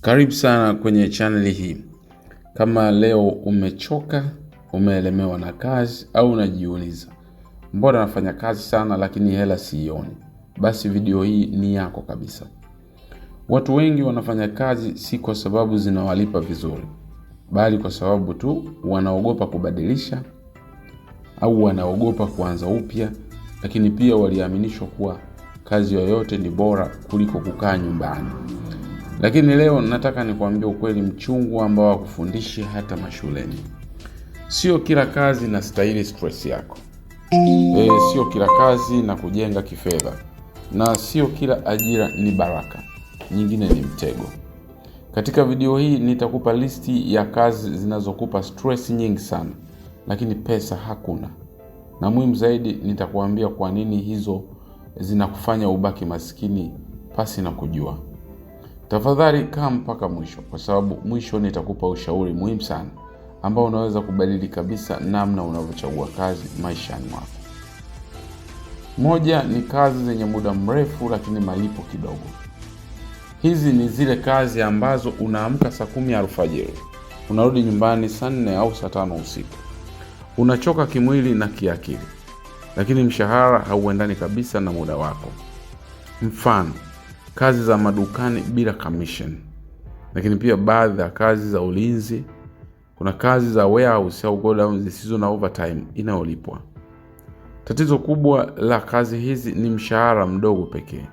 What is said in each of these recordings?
Karibu sana kwenye chaneli hii. Kama leo umechoka, umeelemewa na kazi au unajiuliza mbona nafanya kazi sana lakini hela siioni, basi video hii ni yako kabisa. Watu wengi wanafanya kazi si kwa sababu zinawalipa vizuri, bali kwa sababu tu wanaogopa kubadilisha au wanaogopa kuanza upya. Lakini pia waliaminishwa kuwa kazi yoyote ni bora kuliko kukaa nyumbani. Lakini leo nataka nikuambia ukweli mchungu ambao hawakufundishi hata mashuleni. Sio kila kazi stahili stress yako. E, sio kila kazi na kujenga kifedha, na sio kila ajira ni baraka, nyingine ni mtego. Katika video hii nitakupa listi ya kazi zinazokupa stress nyingi sana, lakini pesa hakuna, na muhimu zaidi, nitakuambia kwa nini hizo zinakufanya ubaki maskini pasi na kujua. Tafadhali kaa mpaka mwisho, kwa sababu mwisho nitakupa ushauri muhimu sana ambao unaweza kubadili kabisa namna unavyochagua kazi maishani mwako. Moja ni kazi zenye muda mrefu lakini malipo kidogo. Hizi ni zile kazi ambazo unaamka saa kumi alfajiri unarudi nyumbani saa nne au saa tano usiku. Unachoka kimwili na kiakili, lakini mshahara hauendani kabisa na muda wako. Mfano, kazi za madukani bila commission, lakini pia baadhi ya kazi za ulinzi. Kuna kazi za warehouse au godown zisizo na overtime inayolipwa. Tatizo kubwa la kazi hizi ni mshahara mdogo pekee,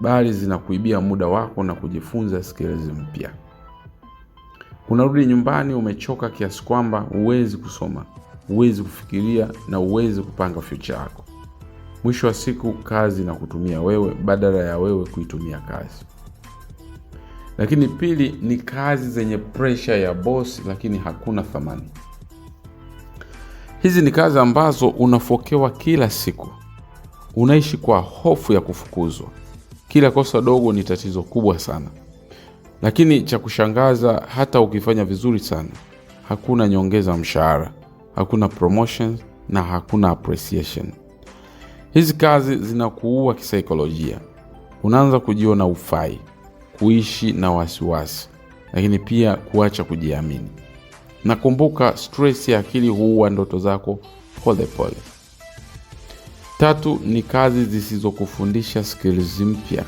bali zinakuibia muda wako na kujifunza skills mpya. Unarudi nyumbani umechoka kiasi kwamba huwezi kusoma, huwezi kufikiria na huwezi kupanga future yako. Mwisho wa siku kazi na kutumia wewe badala ya wewe kuitumia kazi. Lakini pili ni kazi zenye presha ya bosi, lakini hakuna thamani. Hizi ni kazi ambazo unafokewa kila siku, unaishi kwa hofu ya kufukuzwa. Kila kosa dogo ni tatizo kubwa sana, lakini cha kushangaza, hata ukifanya vizuri sana, hakuna nyongeza mshahara, hakuna promotion na hakuna appreciation. Hizi kazi zinakuua kisaikolojia. Unaanza kujiona ufai, kuishi na wasiwasi, lakini pia kuacha kujiamini. Nakumbuka, stress ya akili huua ndoto zako polepole. Tatu ni kazi zisizokufundisha skills mpya.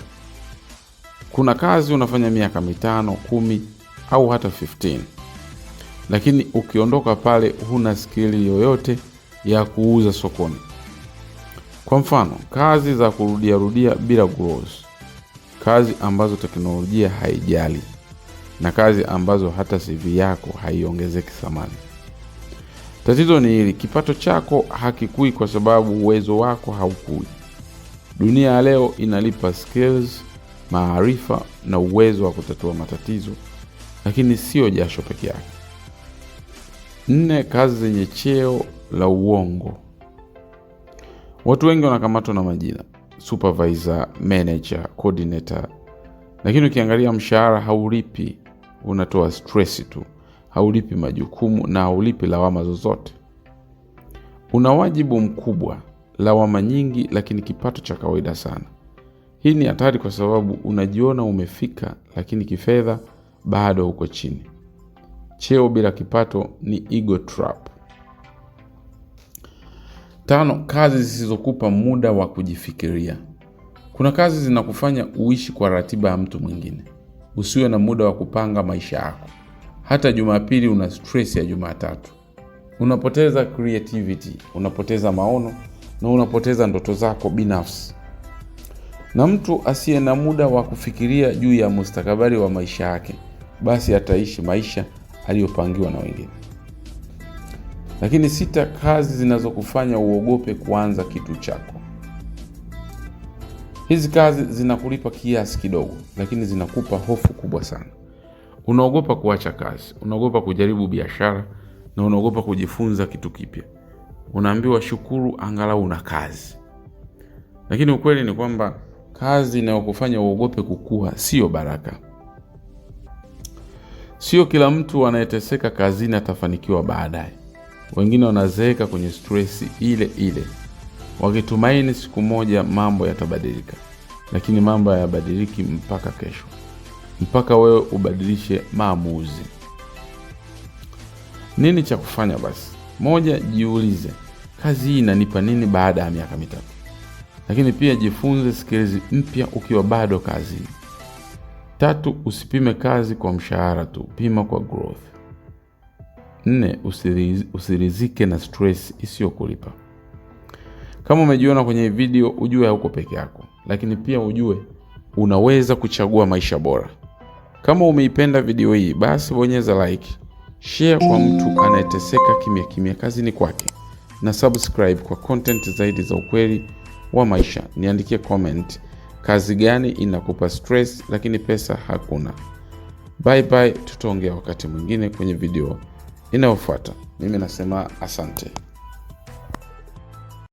Kuna kazi unafanya miaka mitano, kumi au hata 15, lakini ukiondoka pale huna skili yoyote ya kuuza sokoni. Kwa mfano, kazi za kurudiarudia bila gloss, kazi ambazo teknolojia haijali na kazi ambazo hata CV yako haiongezeki thamani. Tatizo ni hili, kipato chako hakikui kwa sababu uwezo wako haukui. Dunia ya leo inalipa skills, maarifa na uwezo wa kutatua matatizo, lakini sio jasho peke yake. Nne, kazi zenye cheo la uongo Watu wengi wanakamatwa na majina supervisor, manager, coordinator, lakini ukiangalia mshahara haulipi, unatoa stress tu, haulipi majukumu na haulipi lawama zozote. Una wajibu mkubwa, lawama nyingi, lakini kipato cha kawaida sana. Hii ni hatari kwa sababu unajiona umefika, lakini kifedha bado uko chini. Cheo bila kipato ni ego trap. Tano, kazi zisizokupa muda wa kujifikiria. Kuna kazi zinakufanya uishi kwa ratiba ya mtu mwingine, usiwe na muda wa kupanga maisha yako. Hata Jumapili una stress ya Jumatatu, unapoteza creativity, unapoteza maono na unapoteza ndoto zako binafsi. Na mtu asiye na muda wa kufikiria juu ya mustakabali wa maisha yake, basi ataishi maisha aliyopangiwa na wengine. Lakini sita, kazi zinazokufanya uogope kuanza kitu chako. Hizi kazi zinakulipa kiasi kidogo, lakini zinakupa hofu kubwa sana. Unaogopa kuacha kazi, unaogopa kujaribu biashara na unaogopa kujifunza kitu kipya. Unaambiwa shukuru, angalau una kazi. Lakini ukweli ni kwamba kazi inayokufanya uogope kukua siyo baraka. Sio kila mtu anayeteseka kazini atafanikiwa baadaye wengine wanazeeka kwenye stresi ile ile, wakitumaini siku moja mambo yatabadilika, lakini mambo hayabadiliki mpaka kesho, mpaka wewe ubadilishe maamuzi. Nini cha kufanya basi? Moja, jiulize, kazi hii inanipa nini baada ya miaka mitatu? Lakini pia jifunze skills mpya ukiwa bado kazini. Tatu, usipime kazi kwa mshahara tu, pima kwa growth. Nne, usirizike na stress isiyokulipa. Kama umejiona kwenye video, ujue hauko peke yako, lakini pia ujue unaweza kuchagua maisha bora. Kama umeipenda video hii, basi bonyeza like, share kwa mtu anayeteseka kimya kimya kazini kwake, na subscribe kwa content zaidi za ukweli wa maisha. Niandikie comment, kazi gani inakupa stress lakini pesa hakuna? Bye bye, tutaongea wakati mwingine kwenye video inayofuata. Mimi nasema asante.